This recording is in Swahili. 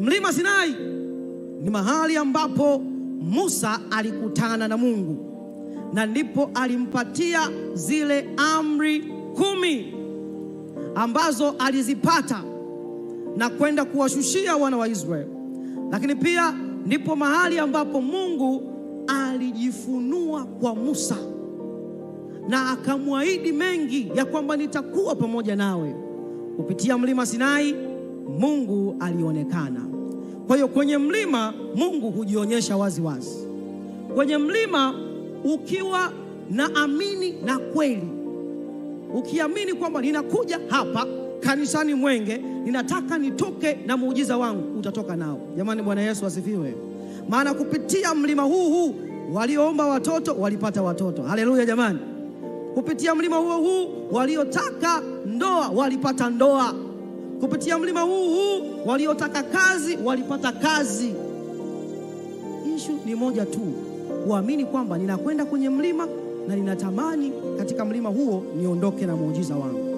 Mlima Sinai ni mahali ambapo Musa alikutana na Mungu na ndipo alimpatia zile amri kumi ambazo alizipata na kwenda kuwashushia wana wa Israeli, lakini pia ndipo mahali ambapo Mungu alijifunua kwa Musa na akamwahidi mengi ya kwamba nitakuwa pamoja nawe kupitia mlima Sinai. Mungu alionekana. Kwa hiyo kwenye mlima Mungu hujionyesha wazi wazi. Kwenye mlima ukiwa na amini na kweli, ukiamini kwamba ninakuja hapa kanisani Mwenge, ninataka nitoke na muujiza wangu, utatoka nao. Jamani, Bwana Yesu asifiwe! Maana kupitia mlima huu huu walioomba watoto walipata watoto. Haleluya jamani! Kupitia mlima huo huu waliotaka ndoa walipata ndoa. Kupitia mlima huu huu waliotaka kazi walipata kazi. Ishu ni moja tu, kuamini kwamba ninakwenda kwenye mlima na ninatamani katika mlima huo niondoke na muujiza wangu.